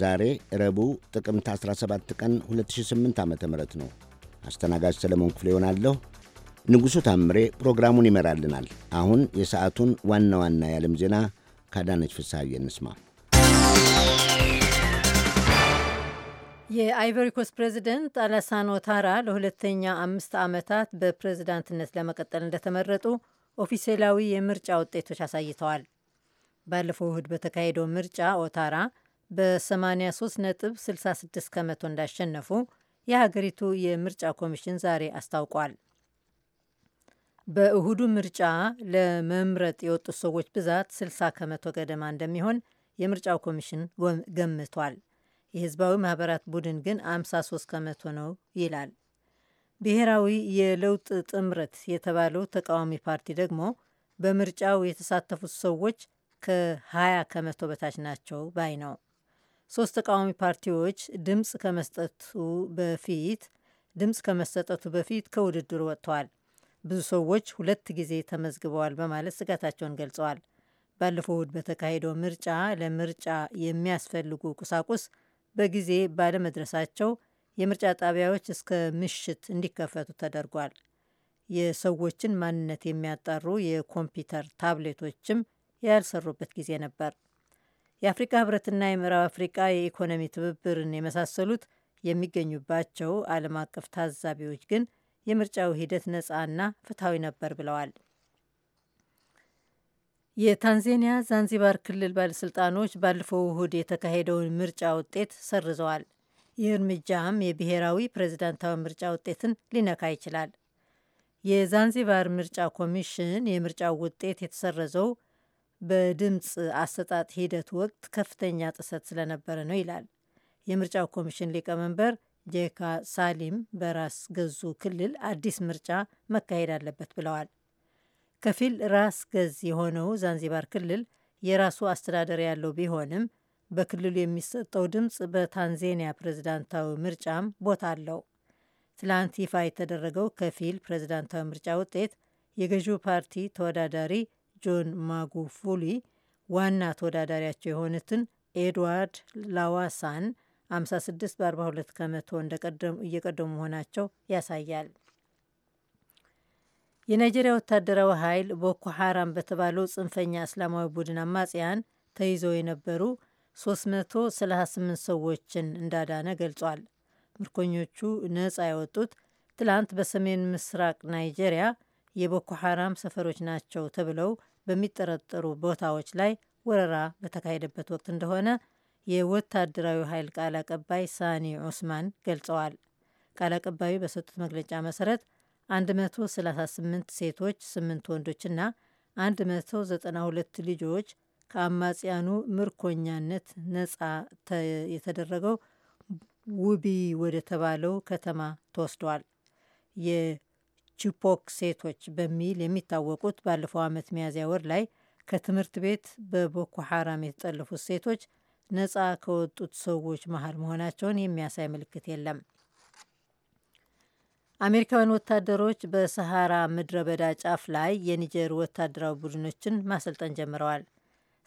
ዛሬ ረቡዕ ጥቅምት 17 ቀን 2008 ዓ ም ነው። አስተናጋጅ ሰለሞን ክፍሌ ይሆናለሁ። ንጉሡ ታምሬ ፕሮግራሙን ይመራልናል። አሁን የሰዓቱን ዋና ዋና የዓለም ዜና ካዳነች ፍሳ እንስማ። የአይቨሪኮስ ፕሬዚደንት አላሳን ኦታራ ለሁለተኛ አምስት ዓመታት በፕሬዝዳንትነት ለመቀጠል እንደተመረጡ ኦፊሴላዊ የምርጫ ውጤቶች አሳይተዋል። ባለፈው እሁድ በተካሄደው ምርጫ ኦታራ በ83 ነጥብ 66 ከመቶ እንዳሸነፉ የሀገሪቱ የምርጫ ኮሚሽን ዛሬ አስታውቋል። በእሁዱ ምርጫ ለመምረጥ የወጡት ሰዎች ብዛት 60 ከመቶ ገደማ እንደሚሆን የምርጫው ኮሚሽን ገምቷል። የህዝባዊ ማህበራት ቡድን ግን 53 ከመቶ ነው ይላል። ብሔራዊ የለውጥ ጥምረት የተባለው ተቃዋሚ ፓርቲ ደግሞ በምርጫው የተሳተፉት ሰዎች ከ20 ከመቶ በታች ናቸው ባይ ነው። ሶስት ተቃዋሚ ፓርቲዎች ድምፅ ከመስጠቱ በፊት ድምፅ ከመሰጠቱ በፊት ከውድድሩ ወጥተዋል። ብዙ ሰዎች ሁለት ጊዜ ተመዝግበዋል በማለት ስጋታቸውን ገልጸዋል። ባለፈው እሁድ በተካሄደው ምርጫ ለምርጫ የሚያስፈልጉ ቁሳቁስ በጊዜ ባለመድረሳቸው የምርጫ ጣቢያዎች እስከ ምሽት እንዲከፈቱ ተደርጓል። የሰዎችን ማንነት የሚያጣሩ የኮምፒውተር ታብሌቶችም ያልሰሩበት ጊዜ ነበር። የአፍሪካ ህብረትና የምዕራብ አፍሪቃ የኢኮኖሚ ትብብርን የመሳሰሉት የሚገኙባቸው ዓለም አቀፍ ታዛቢዎች ግን የምርጫው ሂደት ነፃና ፍትሐዊ ነበር ብለዋል። የታንዜኒያ ዛንዚባር ክልል ባለሥልጣኖች ባለፈው እሁድ የተካሄደውን ምርጫ ውጤት ሰርዘዋል። ይህ እርምጃም የብሔራዊ ፕሬዝዳንታዊ ምርጫ ውጤትን ሊነካ ይችላል። የዛንዚባር ምርጫ ኮሚሽን የምርጫው ውጤት የተሰረዘው በድምፅ አሰጣጥ ሂደት ወቅት ከፍተኛ ጥሰት ስለነበረ ነው ይላል። የምርጫው ኮሚሽን ሊቀመንበር ጄካ ሳሊም በራስ ገዙ ክልል አዲስ ምርጫ መካሄድ አለበት ብለዋል። ከፊል ራስ ገዝ የሆነው ዛንዚባር ክልል የራሱ አስተዳደር ያለው ቢሆንም በክልሉ የሚሰጠው ድምፅ በታንዜኒያ ፕሬዝዳንታዊ ምርጫም ቦታ አለው። ትላንት ይፋ የተደረገው ከፊል ፕሬዝዳንታዊ ምርጫ ውጤት የገዢው ፓርቲ ተወዳዳሪ ጆን ማጉፉሊ ዋና ተወዳዳሪያቸው የሆኑትን ኤድዋርድ ላዋሳን 56 በ42 ከመቶ እየቀደሙ መሆናቸው ያሳያል። የናይጄሪያ ወታደራዊ ኃይል ቦኮ ሐራም በተባለው ጽንፈኛ እስላማዊ ቡድን አማጽያን ተይዘው የነበሩ 338 ሰዎችን እንዳዳነ ገልጿል። ምርኮኞቹ ነጻ ያወጡት ትላንት በሰሜን ምስራቅ ናይጄሪያ የቦኮ ሐራም ሰፈሮች ናቸው ተብለው በሚጠረጠሩ ቦታዎች ላይ ወረራ በተካሄደበት ወቅት እንደሆነ የወታደራዊ ኃይል ቃል አቀባይ ሳኒ ዑስማን ገልጸዋል። ቃል አቀባዩ በሰጡት መግለጫ መሰረት 138 ሴቶች፣ 8 ወንዶችና 192 ልጆች ከአማጽያኑ ምርኮኛነት ነጻ የተደረገው ውቢ ወደ ተባለው ከተማ ተወስደዋል። ቺፖክ ሴቶች በሚል የሚታወቁት ባለፈው ዓመት ሚያዝያ ወር ላይ ከትምህርት ቤት በቦኮ ሐራም የተጠለፉት ሴቶች ነጻ ከወጡት ሰዎች መሀል መሆናቸውን የሚያሳይ ምልክት የለም። አሜሪካውያን ወታደሮች በሰሃራ ምድረ በዳ ጫፍ ላይ የኒጀር ወታደራዊ ቡድኖችን ማሰልጠን ጀምረዋል።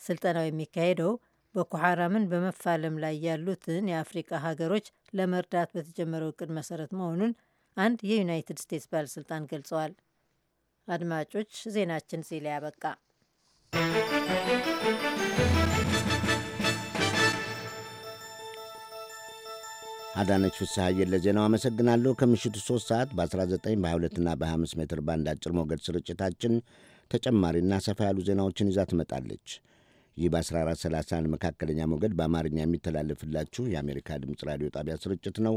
ስልጠናው የሚካሄደው ቦኮ ሐራምን በመፋለም ላይ ያሉትን የአፍሪቃ ሀገሮች ለመርዳት በተጀመረው እቅድ መሰረት መሆኑን አንድ የዩናይትድ ስቴትስ ባለሥልጣን ገልጸዋል። አድማጮች ዜናችን እዚህ ላይ ያበቃ። አዳነች ፍስሐዬን ለዜናው አመሰግናለሁ። ከምሽቱ 3 ሰዓት በ19 በ22ና በ25 ሜትር ባንድ አጭር ሞገድ ስርጭታችን ተጨማሪና ሰፋ ያሉ ዜናዎችን ይዛ ትመጣለች። ይህ በ1431 መካከለኛ ሞገድ በአማርኛ የሚተላለፍላችሁ የአሜሪካ ድምፅ ራዲዮ ጣቢያ ስርጭት ነው።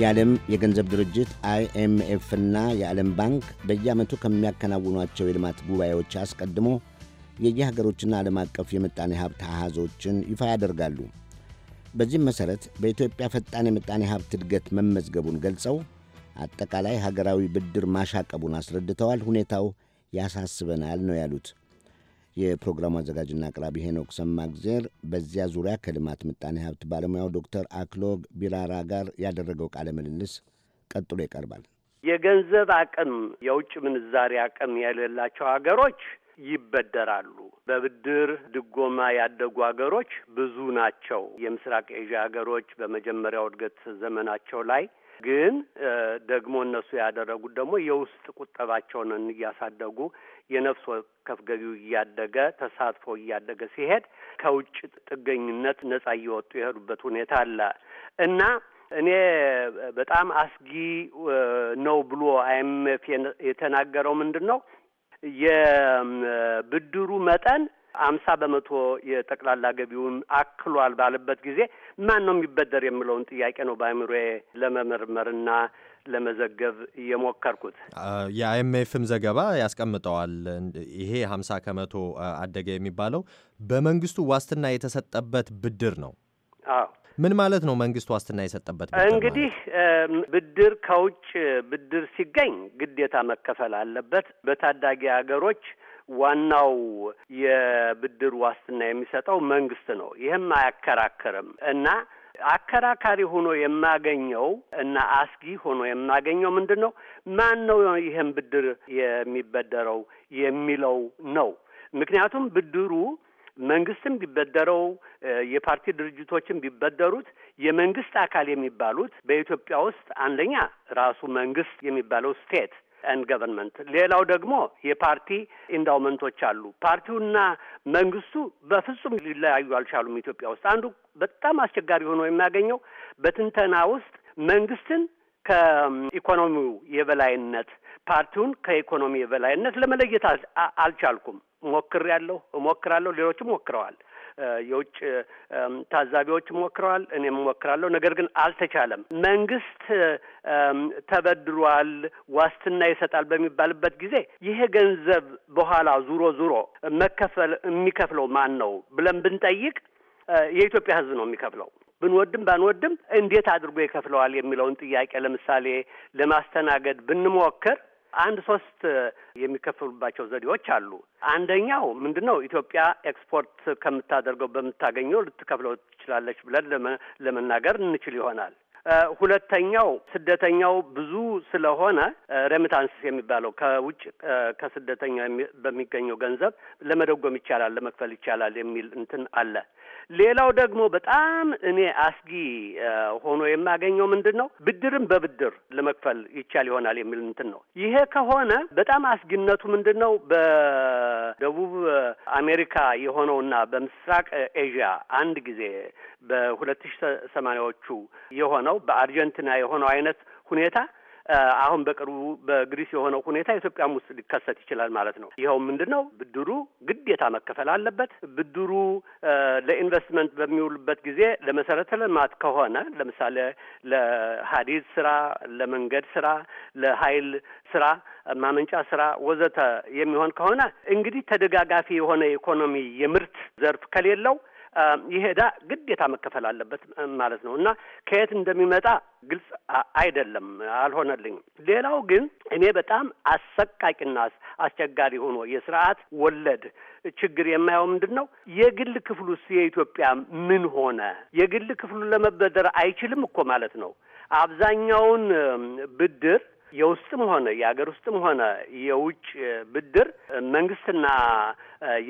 የዓለም የገንዘብ ድርጅት አይኤምኤፍና እና የዓለም ባንክ በየዓመቱ ከሚያከናውኗቸው የልማት ጉባኤዎች አስቀድሞ የየሀገሮችና ዓለም አቀፍ የምጣኔ ሀብት አሃዞችን ይፋ ያደርጋሉ። በዚህም መሠረት በኢትዮጵያ ፈጣን የምጣኔ ሀብት እድገት መመዝገቡን ገልጸው አጠቃላይ ሀገራዊ ብድር ማሻቀቡን አስረድተዋል። ሁኔታው ያሳስበናል ነው ያሉት። የፕሮግራሙ አዘጋጅና አቅራቢ ሄኖክ ሰማግዜር በዚያ ዙሪያ ከልማት ምጣኔ ሀብት ባለሙያው ዶክተር አክሎግ ቢራራ ጋር ያደረገው ቃለ ምልልስ ቀጥሎ ይቀርባል። የገንዘብ አቅም የውጭ ምንዛሪ አቅም የሌላቸው ሀገሮች ይበደራሉ። በብድር ድጎማ ያደጉ ሀገሮች ብዙ ናቸው። የምስራቅ ኤዥያ ሀገሮች በመጀመሪያው እድገት ዘመናቸው ላይ ግን ደግሞ እነሱ ያደረጉት ደግሞ የውስጥ ቁጠባቸውን እያሳደጉ የነፍስ ወከፍ ገቢው እያደገ ተሳትፎ እያደገ ሲሄድ ከውጭ ጥገኝነት ነጻ እየወጡ የሄዱበት ሁኔታ አለ እና እኔ በጣም አስጊ ነው ብሎ አይኤምኤፍ የተናገረው ምንድን ነው የብድሩ መጠን አምሳ በመቶ የጠቅላላ ገቢውን አክሏል ባለበት ጊዜ ማን ነው የሚበደር የሚለውን ጥያቄ ነው በአእምሮዬ ለመመርመርና ለመዘገብ የሞከርኩት። የአይኤምኤፍም ዘገባ ያስቀምጠዋል። ይሄ ሀምሳ ከመቶ አደገ የሚባለው በመንግስቱ ዋስትና የተሰጠበት ብድር ነው። አዎ ምን ማለት ነው? መንግስት ዋስትና የሰጠበት እንግዲህ ብድር ከውጭ ብድር ሲገኝ ግዴታ መከፈል አለበት። በታዳጊ ሀገሮች ዋናው የብድር ዋስትና የሚሰጠው መንግስት ነው። ይህም አያከራከርም እና አከራካሪ ሆኖ የማገኘው እና አስጊ ሆኖ የማገኘው ምንድን ነው? ማን ነው ይህን ብድር የሚበደረው የሚለው ነው። ምክንያቱም ብድሩ መንግስትም ቢበደረው የፓርቲ ድርጅቶችም ቢበደሩት የመንግስት አካል የሚባሉት በኢትዮጵያ ውስጥ አንደኛ ራሱ መንግስት የሚባለው ስቴት ኤንድ ገቨርንመንት። ሌላው ደግሞ የፓርቲ ኢንዳውመንቶች አሉ። ፓርቲውና መንግስቱ በፍጹም ሊለያዩ አልቻሉም። ኢትዮጵያ ውስጥ አንዱ በጣም አስቸጋሪ ሆኖ የሚያገኘው በትንተና ውስጥ መንግስትን ከኢኮኖሚው የበላይነት ፓርቲውን ከኢኮኖሚ የበላይነት ለመለየት አልቻልኩም። ያለሁ እሞክራለሁ፣ ሌሎችም ሞክረዋል። የውጭ ታዛቢዎች ሞክረዋል፣ እኔም ሞክራለሁ። ነገር ግን አልተቻለም። መንግስት ተበድሯል፣ ዋስትና ይሰጣል በሚባልበት ጊዜ ይሄ ገንዘብ በኋላ ዙሮ ዙሮ መከፈል የሚከፍለው ማን ነው ብለን ብንጠይቅ የኢትዮጵያ ሕዝብ ነው የሚከፍለው ብንወድም ባንወድም እንዴት አድርጎ ይከፍለዋል የሚለውን ጥያቄ ለምሳሌ ለማስተናገድ ብንሞክር አንድ ሶስት የሚከፍሉባቸው ዘዴዎች አሉ። አንደኛው ምንድን ነው? ኢትዮጵያ ኤክስፖርት ከምታደርገው በምታገኘው ልትከፍለው ትችላለች ብለን ለመናገር እንችል ይሆናል። ሁለተኛው ስደተኛው ብዙ ስለሆነ ሬሚታንስ የሚባለው ከውጭ ከስደተኛው በሚገኘው ገንዘብ ለመደጎም ይቻላል፣ ለመክፈል ይቻላል የሚል እንትን አለ። ሌላው ደግሞ በጣም እኔ አስጊ ሆኖ የማገኘው ምንድን ነው ብድርም በብድር ለመክፈል ይቻል ይሆናል የሚል እንትን ነው። ይሄ ከሆነ በጣም አስጊነቱ ምንድን ነው? በደቡብ አሜሪካ የሆነውና በምስራቅ ኤዥያ አንድ ጊዜ በሁለት ሺህ ሰማንያዎቹ የሆነው በአርጀንቲና የሆነው አይነት ሁኔታ አሁን በቅርቡ በግሪስ የሆነው ሁኔታ ኢትዮጵያም ውስጥ ሊከሰት ይችላል ማለት ነው። ይኸው ምንድን ነው ብድሩ ግዴታ መከፈል አለበት። ብድሩ ለኢንቨስትመንት በሚውሉበት ጊዜ ለመሰረተ ልማት ከሆነ ለምሳሌ ለሀዲድ ስራ፣ ለመንገድ ስራ፣ ለሀይል ስራ ማመንጫ ስራ ወዘተ የሚሆን ከሆነ እንግዲህ ተደጋጋፊ የሆነ የኢኮኖሚ የምርት ዘርፍ ከሌለው ይሄ ዕዳ ግዴታ መከፈል አለበት ማለት ነው እና ከየት እንደሚመጣ ግልጽ አይደለም፣ አልሆነልኝም። ሌላው ግን እኔ በጣም አሰቃቂና አስቸጋሪ ሆኖ የስርዓት ወለድ ችግር የማየው ምንድን ነው? የግል ክፍሉስ የኢትዮጵያ ምን ሆነ? የግል ክፍሉ ለመበደር አይችልም እኮ ማለት ነው። አብዛኛውን ብድር የውስጥም ሆነ የሀገር ውስጥም ሆነ የውጭ ብድር መንግስትና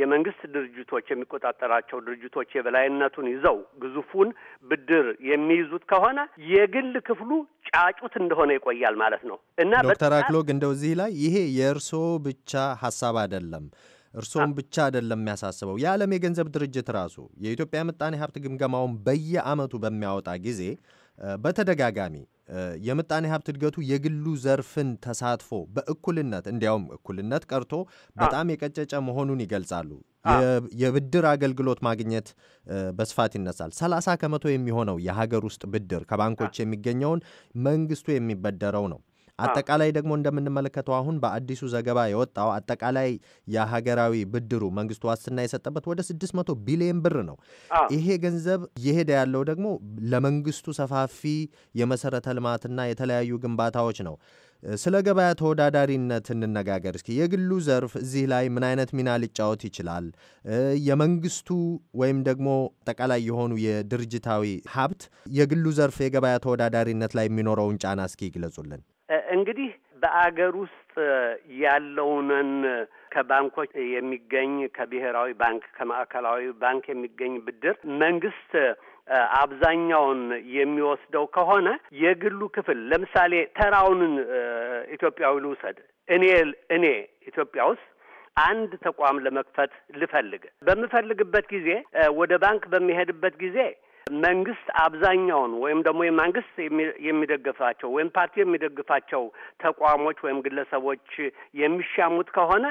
የመንግስት ድርጅቶች የሚቆጣጠራቸው ድርጅቶች የበላይነቱን ይዘው ግዙፉን ብድር የሚይዙት ከሆነ የግል ክፍሉ ጫጩት እንደሆነ ይቆያል ማለት ነው እና ዶክተር አክሎግ እንደው እዚህ ላይ ይሄ የእርሶ ብቻ ሀሳብ አይደለም። እርሶም ብቻ አይደለም የሚያሳስበው። የዓለም የገንዘብ ድርጅት ራሱ የኢትዮጵያ ምጣኔ ሀብት ግምገማውን በየዓመቱ በሚያወጣ ጊዜ በተደጋጋሚ የምጣኔ ሀብት እድገቱ የግሉ ዘርፍን ተሳትፎ በእኩልነት እንዲያውም እኩልነት ቀርቶ በጣም የቀጨጨ መሆኑን ይገልጻሉ። የብድር አገልግሎት ማግኘት በስፋት ይነሳል። ሰላሳ ከመቶ የሚሆነው የሀገር ውስጥ ብድር ከባንኮች የሚገኘውን መንግስቱ የሚበደረው ነው። አጠቃላይ ደግሞ እንደምንመለከተው አሁን በአዲሱ ዘገባ የወጣው አጠቃላይ የሀገራዊ ብድሩ መንግስቱ ዋስትና የሰጠበት ወደ 600 ቢሊዮን ብር ነው። ይሄ ገንዘብ እየሄደ ያለው ደግሞ ለመንግስቱ ሰፋፊ የመሰረተ ልማትና የተለያዩ ግንባታዎች ነው። ስለ ገበያ ተወዳዳሪነት እንነጋገር እስኪ። የግሉ ዘርፍ እዚህ ላይ ምን አይነት ሚና ሊጫወት ይችላል? የመንግስቱ ወይም ደግሞ አጠቃላይ የሆኑ የድርጅታዊ ሀብት የግሉ ዘርፍ የገበያ ተወዳዳሪነት ላይ የሚኖረውን ጫና እስኪ ይግለጹልን። እንግዲህ በአገር ውስጥ ያለውንን ከባንኮች የሚገኝ ከብሔራዊ ባንክ ከማዕከላዊ ባንክ የሚገኝ ብድር መንግስት አብዛኛውን የሚወስደው ከሆነ የግሉ ክፍል ለምሳሌ ተራውን ኢትዮጵያዊ ልውሰድ። እኔ እኔ ኢትዮጵያ ውስጥ አንድ ተቋም ለመክፈት ልፈልግ በምፈልግበት ጊዜ ወደ ባንክ በሚሄድበት ጊዜ መንግስት አብዛኛውን ወይም ደግሞ የመንግስት የሚደግፋቸው ወይም ፓርቲ የሚደግፋቸው ተቋሞች ወይም ግለሰቦች የሚሻሙት ከሆነ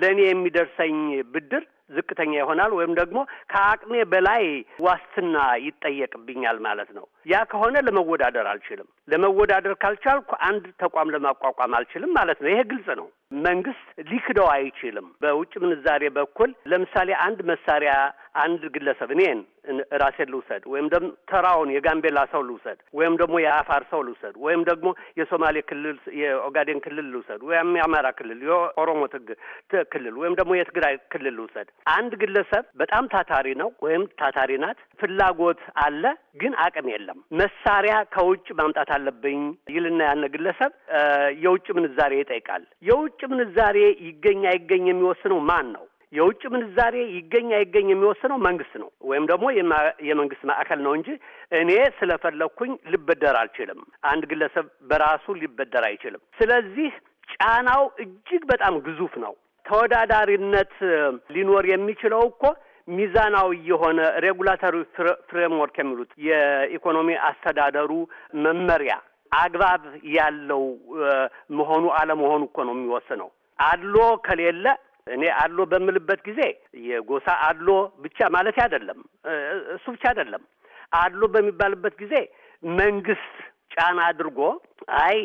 ለእኔ የሚደርሰኝ ብድር ዝቅተኛ ይሆናል ወይም ደግሞ ከአቅሜ በላይ ዋስትና ይጠየቅብኛል ማለት ነው። ያ ከሆነ ለመወዳደር አልችልም። ለመወዳደር ካልቻልኩ አንድ ተቋም ለማቋቋም አልችልም ማለት ነው። ይሄ ግልጽ ነው። መንግስት ሊክደው አይችልም። በውጭ ምንዛሬ በኩል ለምሳሌ አንድ መሳሪያ አንድ ግለሰብ እኔን ራሴን ልውሰድ ወይም ደግሞ ተራውን የጋምቤላ ሰው ልውሰድ ወይም ደግሞ የአፋር ሰው ልውሰድ ወይም ደግሞ የሶማሌ ክልል የኦጋዴን ክልል ልውሰድ ወይም የአማራ ክልል የኦሮሞ ክልል ወይም ደግሞ የትግራይ ክልል ልውሰድ አንድ ግለሰብ በጣም ታታሪ ነው ወይም ታታሪ ናት፣ ፍላጎት አለ፣ ግን አቅም የለም። መሳሪያ ከውጭ ማምጣት አለብኝ ይልና ያነ ግለሰብ የውጭ ምንዛሬ ይጠይቃል። የውጭ ምንዛሬ ይገኝ አይገኝ የሚወስነው ማን ነው? የውጭ ምንዛሬ ይገኝ አይገኝ የሚወስነው መንግስት ነው ወይም ደግሞ የመንግስት ማዕከል ነው እንጂ እኔ ስለፈለግኩኝ ልበደር አልችልም። አንድ ግለሰብ በራሱ ሊበደር አይችልም። ስለዚህ ጫናው እጅግ በጣም ግዙፍ ነው። ተወዳዳሪነት ሊኖር የሚችለው እኮ ሚዛናዊ የሆነ ሬጉላተሪ ፍሬምወርክ የሚሉት የኢኮኖሚ አስተዳደሩ መመሪያ አግባብ ያለው መሆኑ አለመሆኑ እኮ ነው የሚወስነው። አድሎ ከሌለ እኔ አድሎ በምልበት ጊዜ የጎሳ አድሎ ብቻ ማለት አይደለም። እሱ ብቻ አይደለም። አድሎ በሚባልበት ጊዜ መንግስት ጫና አድርጎ አይ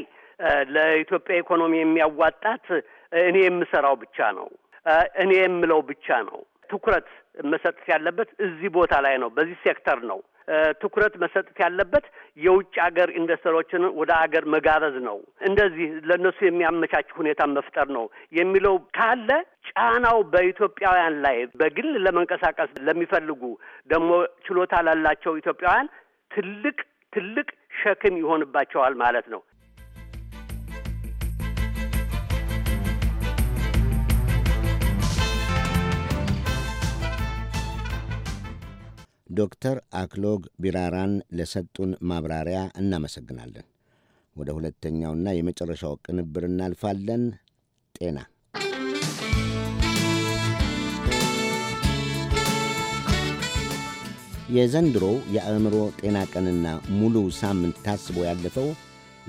ለኢትዮጵያ ኢኮኖሚ የሚያዋጣት እኔ የምሰራው ብቻ ነው፣ እኔ የምለው ብቻ ነው። ትኩረት መሰጠት ያለበት እዚህ ቦታ ላይ ነው፣ በዚህ ሴክተር ነው ትኩረት መሰጠት ያለበት። የውጭ ሀገር ኢንቨስተሮችን ወደ ሀገር መጋበዝ ነው፣ እንደዚህ ለእነሱ የሚያመቻች ሁኔታ መፍጠር ነው የሚለው ካለ ጫናው በኢትዮጵያውያን ላይ በግል ለመንቀሳቀስ ለሚፈልጉ ደግሞ ችሎታ ላላቸው ኢትዮጵያውያን ትልቅ ትልቅ ሸክም ይሆንባቸዋል ማለት ነው። ዶክተር አክሎግ ቢራራን ለሰጡን ማብራሪያ እናመሰግናለን። ወደ ሁለተኛውና የመጨረሻው ቅንብር እናልፋለን። ጤና የዘንድሮው የአእምሮ ጤና ቀንና ሙሉ ሳምንት ታስቦ ያለፈው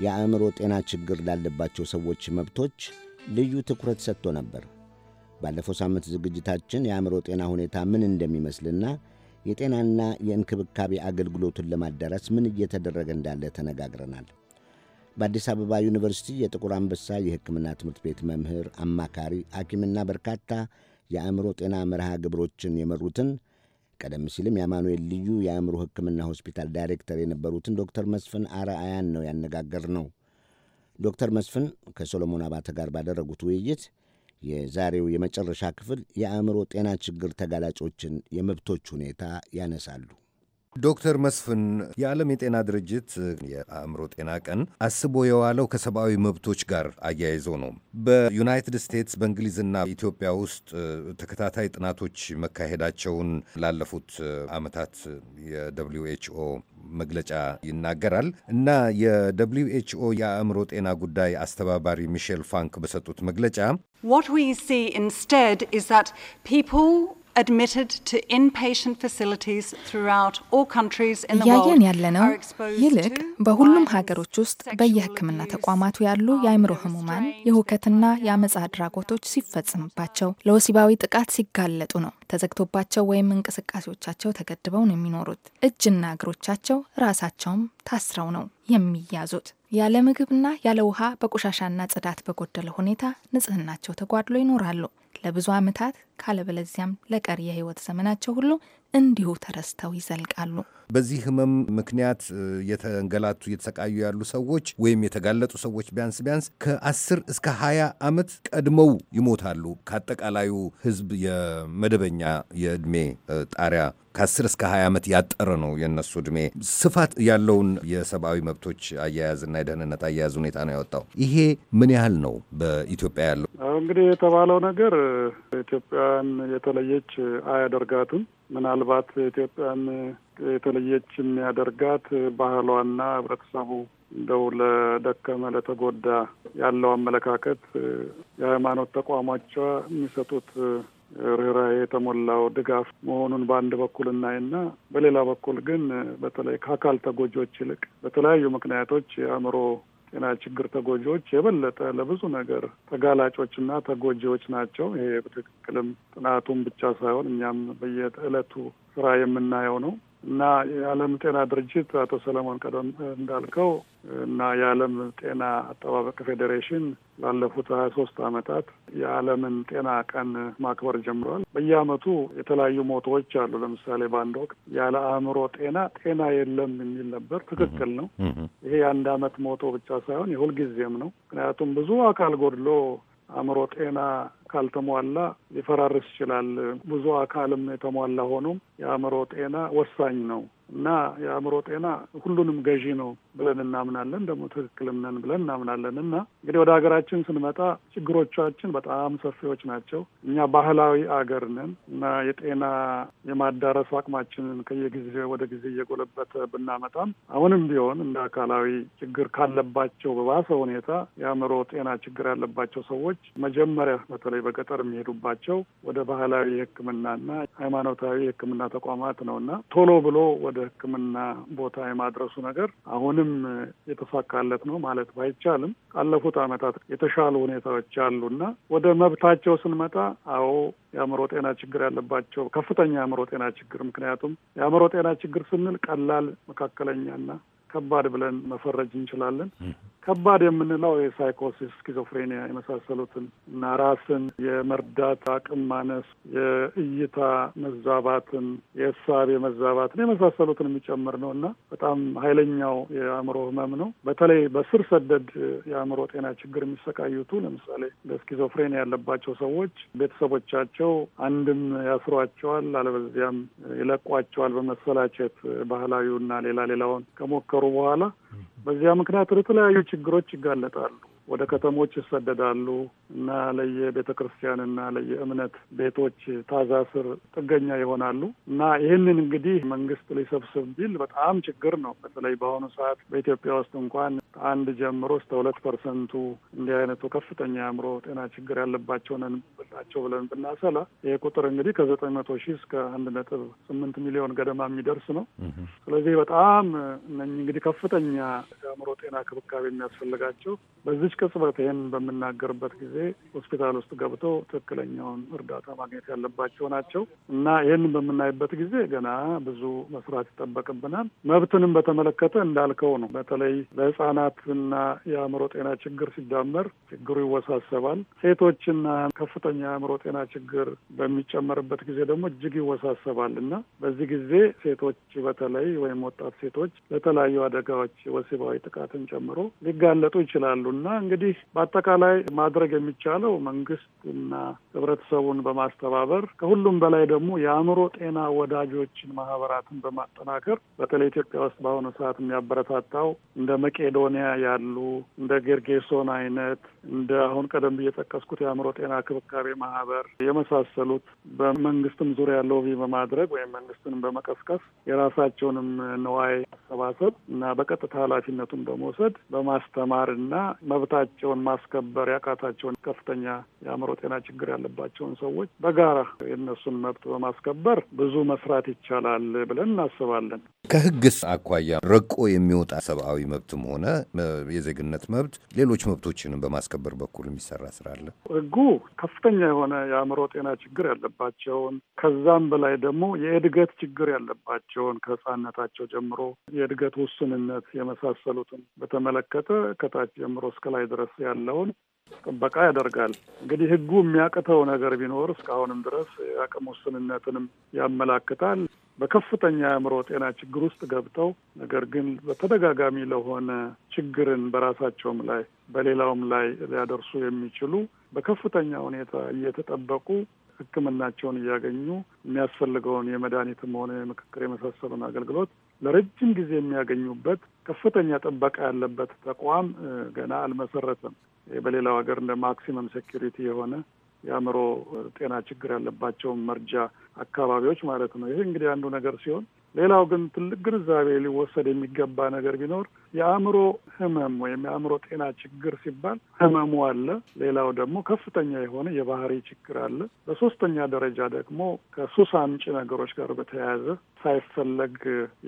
የአእምሮ ጤና ችግር ላለባቸው ሰዎች መብቶች ልዩ ትኩረት ሰጥቶ ነበር። ባለፈው ሳምንት ዝግጅታችን የአእምሮ ጤና ሁኔታ ምን እንደሚመስልና የጤናና የእንክብካቤ አገልግሎትን ለማዳረስ ምን እየተደረገ እንዳለ ተነጋግረናል። በአዲስ አበባ ዩኒቨርሲቲ የጥቁር አንበሳ የሕክምና ትምህርት ቤት መምህር አማካሪ ሐኪምና በርካታ የአእምሮ ጤና መርሃ ግብሮችን የመሩትን ቀደም ሲልም የአማኑኤል ልዩ የአእምሮ ሕክምና ሆስፒታል ዳይሬክተር የነበሩትን ዶክተር መስፍን አረአያን ነው ያነጋገር ነው። ዶክተር መስፍን ከሶሎሞን አባተ ጋር ባደረጉት ውይይት የዛሬው የመጨረሻ ክፍል የአእምሮ ጤና ችግር ተጋላጮችን የመብቶች ሁኔታ ያነሳሉ። ዶክተር መስፍን የዓለም የጤና ድርጅት የአእምሮ ጤና ቀን አስቦ የዋለው ከሰብአዊ መብቶች ጋር አያይዞ ነው። በዩናይትድ ስቴትስ በእንግሊዝና ኢትዮጵያ ውስጥ ተከታታይ ጥናቶች መካሄዳቸውን ላለፉት ዓመታት የደብሊው ኤችኦ መግለጫ ይናገራል እና የደብሊው ኤችኦ የአእምሮ ጤና ጉዳይ አስተባባሪ ሚሼል ፋንክ በሰጡት መግለጫ What we see instead is that people admitted to inpatient facilities throughout all countries in the world. እያየን ያለነው ይልቅ በሁሉም ሀገሮች ውስጥ በየሕክምና ተቋማቱ ያሉ የአይምሮ ህሙማን የሁከትና የአመጻ አድራጎቶች ሲፈጽምባቸው ለወሲባዊ ጥቃት ሲጋለጡ ነው። ተዘግቶባቸው ወይም እንቅስቃሴዎቻቸው ተገድበው ነው የሚኖሩት። እጅና እግሮቻቸው ራሳቸውም ታስረው ነው የሚያዙት። ያለ ምግብና ያለ ውሃ በቆሻሻና ጽዳት በጎደለ ሁኔታ ንጽህናቸው ተጓድሎ ይኖራሉ። ለብዙ ዓመታት ካለበለዚያም ለቀሪ የህይወት ዘመናቸው ሁሉ እንዲሁ ተረስተው ይዘልቃሉ። በዚህ ህመም ምክንያት የተንገላቱ እየተሰቃዩ ያሉ ሰዎች ወይም የተጋለጡ ሰዎች ቢያንስ ቢያንስ ከአስር እስከ ሀያ ዓመት ቀድመው ይሞታሉ ከአጠቃላዩ ህዝብ የመደበኛ የዕድሜ ጣሪያ ከ10 እስከ 20 ዓመት ያጠረ ነው የእነሱ ዕድሜ። ስፋት ያለውን የሰብአዊ መብቶች አያያዝና የደህንነት አያያዝ ሁኔታ ነው ያወጣው። ይሄ ምን ያህል ነው በኢትዮጵያ ያለው? እንግዲህ የተባለው ነገር ኢትዮጵያን የተለየች አያደርጋትም። ምናልባት ኢትዮጵያን የተለየች የሚያደርጋት ባህሏና ህብረተሰቡ እንደው ለደከመ ለተጎዳ ያለው አመለካከት የሃይማኖት ተቋማቿ የሚሰጡት ርኅራኄ የተሞላው ድጋፍ መሆኑን በአንድ በኩል እናይና በሌላ በኩል ግን በተለይ ከአካል ተጎጂዎች ይልቅ በተለያዩ ምክንያቶች የአእምሮ ጤና ችግር ተጎጂዎች የበለጠ ለብዙ ነገር ተጋላጮችና ተጎጂዎች ናቸው። ይሄ በትክክልም ጥናቱም ብቻ ሳይሆን እኛም በየዕለቱ ስራ የምናየው ነው። እና የዓለም ጤና ድርጅት አቶ ሰለሞን ቀደም እንዳልከው እና የዓለም ጤና አጠባበቅ ፌዴሬሽን ላለፉት ሀያ ሶስት አመታት የዓለምን ጤና ቀን ማክበር ጀምረዋል። በየአመቱ የተለያዩ ሞቶዎች አሉ። ለምሳሌ በአንድ ወቅት ያለ አእምሮ ጤና ጤና የለም የሚል ነበር። ትክክል ነው። ይሄ የአንድ አመት ሞቶ ብቻ ሳይሆን የሁልጊዜም ነው። ምክንያቱም ብዙ አካል ጎድሎ አእምሮ ጤና ካልተሟላ ሊፈራርስ ይችላል። ብዙ አካልም የተሟላ ሆኖም የአእምሮ ጤና ወሳኝ ነው እና የአእምሮ ጤና ሁሉንም ገዢ ነው። ብለን እናምናለን። ደግሞ ትክክልም ነን ብለን እናምናለን እና እንግዲህ ወደ ሀገራችን ስንመጣ ችግሮቻችን በጣም ሰፊዎች ናቸው። እኛ ባህላዊ አገር ነን እና የጤና የማዳረሱ አቅማችንን ከየጊዜ ወደ ጊዜ እየጎለበተ ብናመጣም አሁንም ቢሆን እንደ አካላዊ ችግር ካለባቸው በባሰ ሁኔታ የአእምሮ ጤና ችግር ያለባቸው ሰዎች መጀመሪያ በተለይ በገጠር የሚሄዱባቸው ወደ ባህላዊ ሕክምናና ሃይማኖታዊ የሕክምና ተቋማት ነው እና ቶሎ ብሎ ወደ ሕክምና ቦታ የማድረሱ ነገር አሁንም ምንም የተሳካለት ነው ማለት ባይቻልም ካለፉት ዓመታት የተሻሉ ሁኔታዎች አሉና ወደ መብታቸው ስንመጣ አዎ የአእምሮ ጤና ችግር ያለባቸው ከፍተኛ የአእምሮ ጤና ችግር ምክንያቱም የአእምሮ ጤና ችግር ስንል ቀላል፣ መካከለኛና ከባድ ብለን መፈረጅ እንችላለን። ከባድ የምንለው የሳይኮሲስ ስኪዞፍሬኒያ የመሳሰሉትን እና ራስን የመርዳት አቅም ማነስ፣ የእይታ መዛባትን፣ የእሳቤ መዛባትን የመሳሰሉትን የሚጨምር ነው እና በጣም ኃይለኛው የአእምሮ ህመም ነው። በተለይ በስር ሰደድ የአእምሮ ጤና ችግር የሚሰቃዩቱ ለምሳሌ በስኪዞፍሬኒያ ያለባቸው ሰዎች ቤተሰቦቻቸው አንድም ያስሯቸዋል፣ አለበዚያም ይለቋቸዋል በመሰላቸት ባህላዊውና ሌላ ሌላውን ከሞከሩ ከኖሩ በኋላ በዚያ ምክንያት ለተለያዩ ችግሮች ይጋለጣሉ። ወደ ከተሞች ይሰደዳሉ እና ለየቤተ ክርስቲያንና ለየእምነት ቤቶች ታዛ ስር ጥገኛ ይሆናሉ እና ይህንን እንግዲህ መንግስት ሊሰብስብ ቢል በጣም ችግር ነው። በተለይ በአሁኑ ሰዓት በኢትዮጵያ ውስጥ እንኳን አንድ ጀምሮ እስከ ሁለት ፐርሰንቱ እንዲህ አይነቱ ከፍተኛ አእምሮ ጤና ችግር ያለባቸው ነን ብላቸው ብለን ብናሰላ ይህ ቁጥር እንግዲህ ከዘጠኝ መቶ ሺህ እስከ አንድ ነጥብ ስምንት ሚሊዮን ገደማ የሚደርስ ነው። ስለዚህ በጣም እነኝህ እንግዲህ ከፍተኛ የአእምሮ ጤና ክብካቤ የሚያስፈልጋቸው በዚህ ትንሽ ቅጽበት ይህን በምናገርበት ጊዜ ሆስፒታል ውስጥ ገብቶ ትክክለኛውን እርዳታ ማግኘት ያለባቸው ናቸው እና ይህን በምናይበት ጊዜ ገና ብዙ መስራት ይጠበቅብናል። መብትንም በተመለከተ እንዳልከው ነው። በተለይ ለህጻናትና የአእምሮ ጤና ችግር ሲዳመር ችግሩ ይወሳሰባል። ሴቶችና ከፍተኛ የአእምሮ ጤና ችግር በሚጨመርበት ጊዜ ደግሞ እጅግ ይወሳሰባል እና በዚህ ጊዜ ሴቶች በተለይ ወይም ወጣት ሴቶች ለተለያዩ አደጋዎች ወሲባዊ ጥቃትን ጨምሮ ሊጋለጡ ይችላሉ እና እንግዲህ በአጠቃላይ ማድረግ የሚቻለው መንግስት እና ህብረተሰቡን በማስተባበር ከሁሉም በላይ ደግሞ የአእምሮ ጤና ወዳጆችን ማህበራትን በማጠናከር በተለይ ኢትዮጵያ ውስጥ በአሁኑ ሰዓት የሚያበረታታው እንደ መቄዶንያ ያሉ እንደ ጌርጌሶን አይነት እንደ አሁን ቀደም ብዬ የጠቀስኩት የአእምሮ ጤና ክብካቤ ማህበር የመሳሰሉት በመንግስትም ዙሪያ ሎቢ በማድረግ ወይም መንግስትን በመቀስቀስ የራሳቸውንም ንዋይ አሰባሰብ እና በቀጥታ ኃላፊነቱን በመውሰድ በማስተማር እና መብት መብታቸውን ማስከበር ያቃታቸውን ከፍተኛ የአእምሮ ጤና ችግር ያለባቸውን ሰዎች በጋራ የእነሱን መብት በማስከበር ብዙ መስራት ይቻላል ብለን እናስባለን። ከህግስ አኳያ ረቆ የሚወጣ ሰብአዊ መብትም ሆነ የዜግነት መብት፣ ሌሎች መብቶችንም በማስከበር በኩል የሚሰራ ስራ አለ። ህጉ ከፍተኛ የሆነ የአእምሮ ጤና ችግር ያለባቸውን ከዛም በላይ ደግሞ የእድገት ችግር ያለባቸውን ከህፃነታቸው ጀምሮ የእድገት ውስንነት የመሳሰሉትን በተመለከተ ከታች ጀምሮ እስከ ላይ ላይ ድረስ ያለውን ጥበቃ ያደርጋል። እንግዲህ ህጉ የሚያቅተው ነገር ቢኖር እስካሁንም ድረስ የአቅም ውስንነትንም ያመላክታል። በከፍተኛ የአእምሮ ጤና ችግር ውስጥ ገብተው ነገር ግን በተደጋጋሚ ለሆነ ችግርን በራሳቸውም ላይ በሌላውም ላይ ሊያደርሱ የሚችሉ በከፍተኛ ሁኔታ እየተጠበቁ ሕክምናቸውን እያገኙ የሚያስፈልገውን የመድኃኒትም ሆነ የምክክር የመሳሰሉን አገልግሎት ለረጅም ጊዜ የሚያገኙበት ከፍተኛ ጥበቃ ያለበት ተቋም ገና አልመሰረተም። በሌላው ሀገር እንደ ማክሲመም ሴኪሪቲ የሆነ የአእምሮ ጤና ችግር ያለባቸውን መርጃ አካባቢዎች ማለት ነው። ይህ እንግዲህ አንዱ ነገር ሲሆን፣ ሌላው ግን ትልቅ ግንዛቤ ሊወሰድ የሚገባ ነገር ቢኖር የአእምሮ ህመም ወይም የአእምሮ ጤና ችግር ሲባል ህመሙ አለ። ሌላው ደግሞ ከፍተኛ የሆነ የባህሪ ችግር አለ። በሶስተኛ ደረጃ ደግሞ ከሱስ አምጪ ነገሮች ጋር በተያያዘ ሳይፈለግ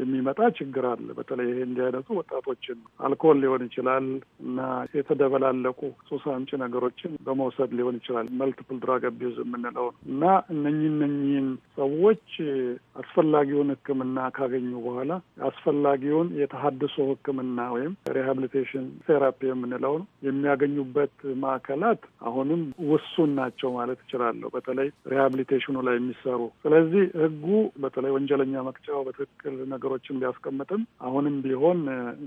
የሚመጣ ችግር አለ። በተለይ ይሄ እንዲህ አይነቱ ወጣቶችን አልኮል ሊሆን ይችላል እና የተደበላለቁ ሱስ አምጪ ነገሮችን በመውሰድ ሊሆን ይችላል መልቲፕል ድራግ አቢዩዝ የምንለው እና እነኚህ እነኚህን ሰዎች አስፈላጊውን ህክምና ካገኙ በኋላ አስፈላጊውን የተሀድሶ ህክምና ሕክምና ወይም ሪሃብሊቴሽን ቴራፒ የምንለው የሚያገኙበት ማዕከላት አሁንም ውሱን ናቸው ማለት እችላለሁ፣ በተለይ ሪሃብሊቴሽኑ ላይ የሚሰሩ። ስለዚህ ህጉ በተለይ ወንጀለኛ መቅጫው በትክክል ነገሮችን ቢያስቀምጥም አሁንም ቢሆን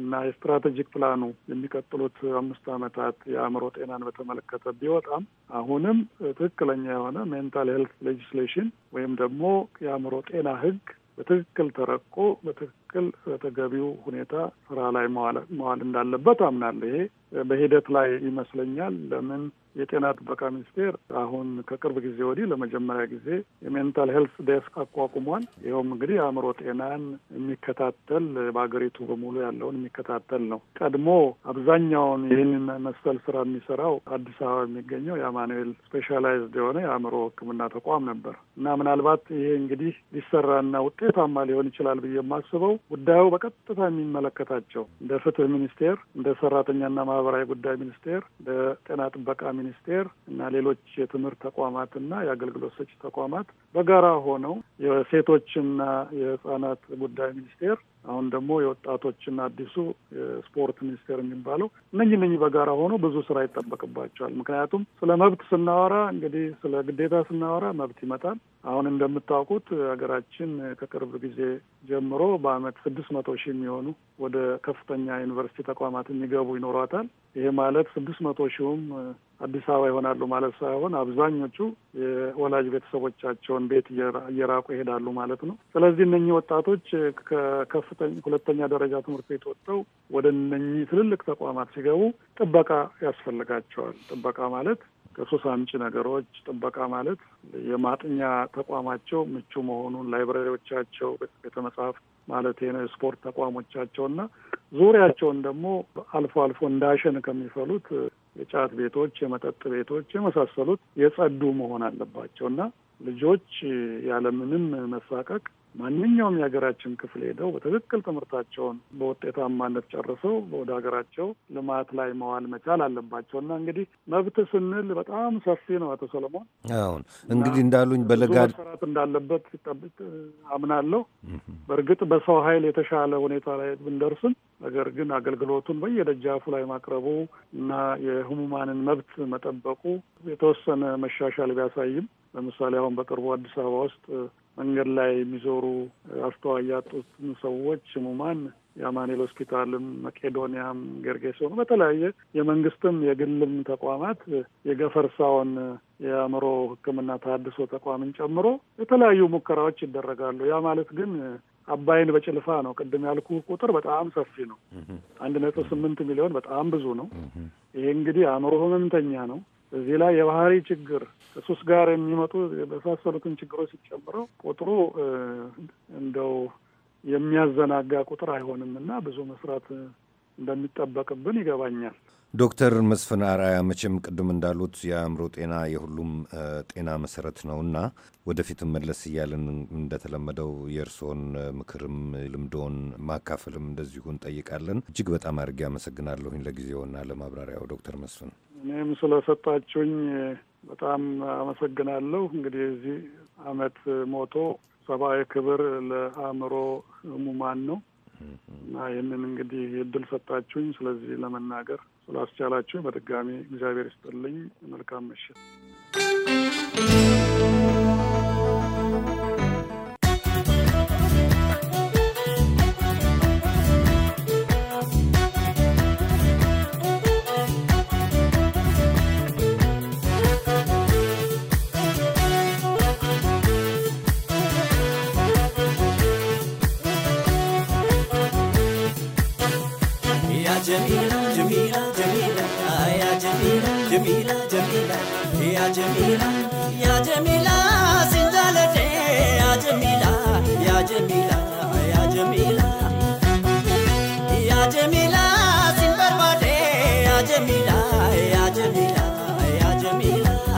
እና የስትራቴጂክ ፕላኑ የሚቀጥሉት አምስት ዓመታት የአእምሮ ጤናን በተመለከተ ቢወጣም አሁንም ትክክለኛ የሆነ ሜንታል ሄልት ሌጂስሌሽን ወይም ደግሞ የአእምሮ ጤና ህግ በትክክል ተረቆ በትክክል በተገቢው ሁኔታ ስራ ላይ መዋል እንዳለበት አምናለሁ። ይሄ በሂደት ላይ ይመስለኛል። ለምን የጤና ጥበቃ ሚኒስቴር አሁን ከቅርብ ጊዜ ወዲህ ለመጀመሪያ ጊዜ የሜንታል ሄልስ ዴስክ አቋቁሟል። ይኸውም እንግዲህ የአእምሮ ጤናን የሚከታተል በሀገሪቱ በሙሉ ያለውን የሚከታተል ነው። ቀድሞ አብዛኛውን ይህንን መሰል ስራ የሚሰራው አዲስ አበባ የሚገኘው የአማኑኤል ስፔሻላይዝድ የሆነ የአእምሮ ሕክምና ተቋም ነበር እና ምናልባት ይሄ እንግዲህ ሊሰራና ውጤታማ ሊሆን ይችላል ብዬ የማስበው ጉዳዩ በቀጥታ የሚመለከታቸው እንደ ፍትህ ሚኒስቴር፣ እንደ ሰራተኛና ማህበራዊ ጉዳይ ሚኒስቴር፣ እንደ ጤና ጥበቃ ሚኒስ ሚኒስቴር እና ሌሎች የትምህርት ተቋማትና የአገልግሎት ሰጪ ተቋማት በጋራ ሆነው የሴቶችና የህጻናት ጉዳይ ሚኒስቴር አሁን ደግሞ የወጣቶችና አዲሱ የስፖርት ሚኒስቴር የሚባለው እነኚህ እነኚህ በጋራ ሆኖ ብዙ ስራ ይጠበቅባቸዋል። ምክንያቱም ስለ መብት ስናወራ እንግዲህ ስለ ግዴታ ስናወራ መብት ይመጣል። አሁን እንደምታውቁት ሀገራችን ከቅርብ ጊዜ ጀምሮ በአመት ስድስት መቶ ሺህ የሚሆኑ ወደ ከፍተኛ ዩኒቨርሲቲ ተቋማት የሚገቡ ይኖሯታል። ይሄ ማለት ስድስት መቶ ሺሁም አዲስ አበባ ይሆናሉ ማለት ሳይሆን አብዛኞቹ የወላጅ ቤተሰቦቻቸውን ቤት እየራቁ ይሄዳሉ ማለት ነው። ስለዚህ እነኚህ ወጣቶች ከከፍተኛ ሁለተኛ ደረጃ ትምህርት ቤት ወጥተው ወደ እነኚህ ትልልቅ ተቋማት ሲገቡ ጥበቃ ያስፈልጋቸዋል። ጥበቃ ማለት ከሱስ አምጪ ነገሮች ጥበቃ ማለት የማጥኛ ተቋማቸው ምቹ መሆኑን ላይብራሪዎቻቸው፣ ቤተ መጽሐፍት ማለት ነው፣ የስፖርት ተቋሞቻቸውና ዙሪያቸውን ደግሞ አልፎ አልፎ እንዳሸን ከሚፈሉት የጫት ቤቶች፣ የመጠጥ ቤቶች የመሳሰሉት የጸዱ መሆን አለባቸው እና ልጆች ያለምንም መሳቀቅ ማንኛውም የሀገራችን ክፍል ሄደው በትክክል ትምህርታቸውን በውጤታማነት ጨርሰው ወደ ሀገራቸው ልማት ላይ መዋል መቻል አለባቸው እና እንግዲህ መብት ስንል በጣም ሰፊ ነው። አቶ ሰለሞን አሁን እንግዲህ እንዳሉኝ በለጋ መሰራት እንዳለበት አምናለሁ። በእርግጥ በሰው ኃይል የተሻለ ሁኔታ ላይ ብንደርስም ነገር ግን አገልግሎቱን በየደጃፉ ላይ ማቅረቡ እና የህሙማንን መብት መጠበቁ የተወሰነ መሻሻል ቢያሳይም ለምሳሌ አሁን በቅርቡ አዲስ አበባ ውስጥ መንገድ ላይ የሚዞሩ አስተዋይ ያጡትን ሰዎች ህሙማን የአማኑኤል ሆስፒታልም፣ መቄዶንያም፣ ጌርጌሶን በተለያየ የመንግስትም የግልም ተቋማት የገፈርሳውን የአእምሮ ሕክምና ተሀድሶ ተቋምን ጨምሮ የተለያዩ ሙከራዎች ይደረጋሉ። ያ ማለት ግን አባይን በጭልፋ ነው። ቅድም ያልኩ ቁጥር በጣም ሰፊ ነው። አንድ ነጥብ ስምንት ሚሊዮን በጣም ብዙ ነው። ይሄ እንግዲህ አእምሮ ህመምተኛ ነው። እዚህ ላይ የባህሪ ችግር ከሱስ ጋር የሚመጡ የመሳሰሉትን ችግሮች ሲጨምረው ቁጥሩ እንደው የሚያዘናጋ ቁጥር አይሆንም እና ብዙ መስራት እንደሚጠበቅብን ይገባኛል። ዶክተር መስፍን አርአያ መቼም ቅድም እንዳሉት የአእምሮ ጤና የሁሉም ጤና መሰረት ነውና ወደፊትም መለስ እያልን እንደተለመደው የእርስዎን ምክርም ልምዶን ማካፈልም እንደዚሁ እንጠይቃለን። እጅግ በጣም አድርጌ አመሰግናለሁኝ ለጊዜውና ለማብራሪያው ዶክተር መስፍን። እኔም ስለሰጣችሁኝ በጣም አመሰግናለሁ። እንግዲህ እዚህ አመት ሞቶ ሰብአዊ ክብር ለአእምሮ ህሙማን ነው እና ይህንን እንግዲህ እድል ሰጣችሁኝ ስለዚህ ለመናገር ስላስቻላችሁኝ በድጋሚ እግዚአብሔር ይስጥልኝ። መልካም ምሽት። يا جميلة جميلة جميلة يا جميلة جميلة جميلة يا جميلة يا جميلة سندلتي يا جميلة يا جميلة يا جميلة يا جميلة سندلتي يا جميلة يا جميلة يا جميلة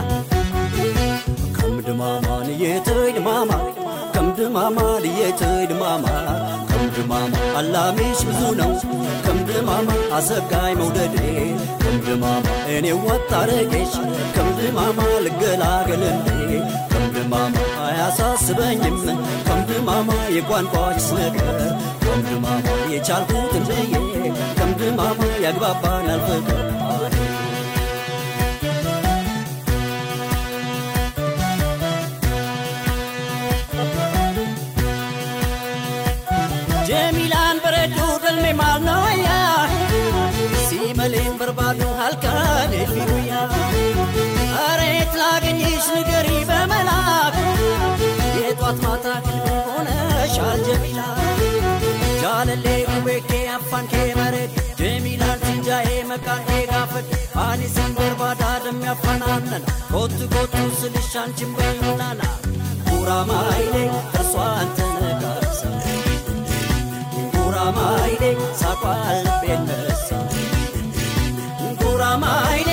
كم دمامان يتيد ماما كم دمامان يتيد ماما ከምድማማ አላሚሽ ብዙ ነው ክምድማማ አሰጋይ መውደዴ ከምድማማ እኔ ዋጣረቄሽ ከምድማማ ልገላገልልዴ ከምድማማ አያሳስበኝም ከምድማማ የቋንቋችስ ነገር ከምድማማ የቻልኩትን ብዬ ክምድማማ ያግባባናል ፍቅር Jamilan bareedu me maalnooya si maleen barbaadu halkan efiruya areet laaganyis nigari bamalaak yeetwaat maataa kilbuu hoona shaal jamila jaalallee hubeekee affaan kee bareedu Jamilaan sinjaa'ee maqaan kee gaafadhe ani sin barbaadaa dammi affaan aannana kootu kootu silishaan cimbayunaana buuraa maayilee tarswaan tana ጉራማይሌ ሳቋል ቤነስ ጉራማይሌ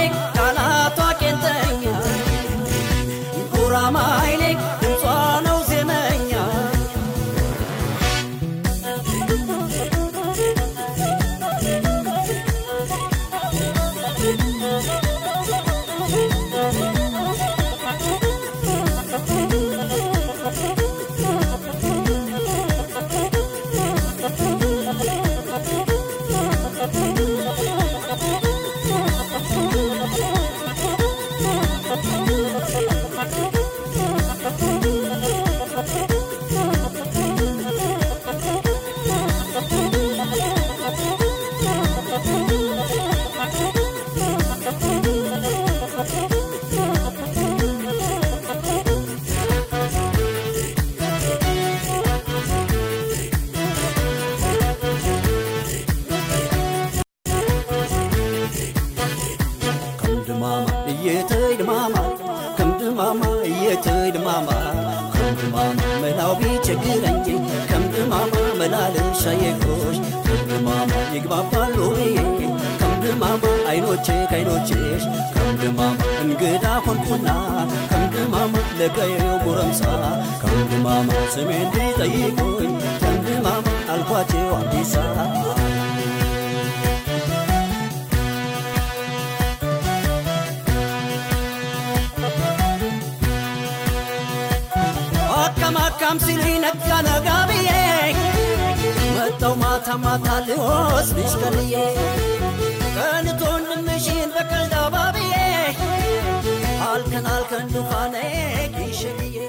kamgam maamaa ingeeda afaan funnaa kamgam maamaa laga yeroo gurraamsaa kamgam maamaa semen biiza eeguun kamgam maamaa albaajee waan dhiisaa. akkam halkın halkın tufanı gişe diye.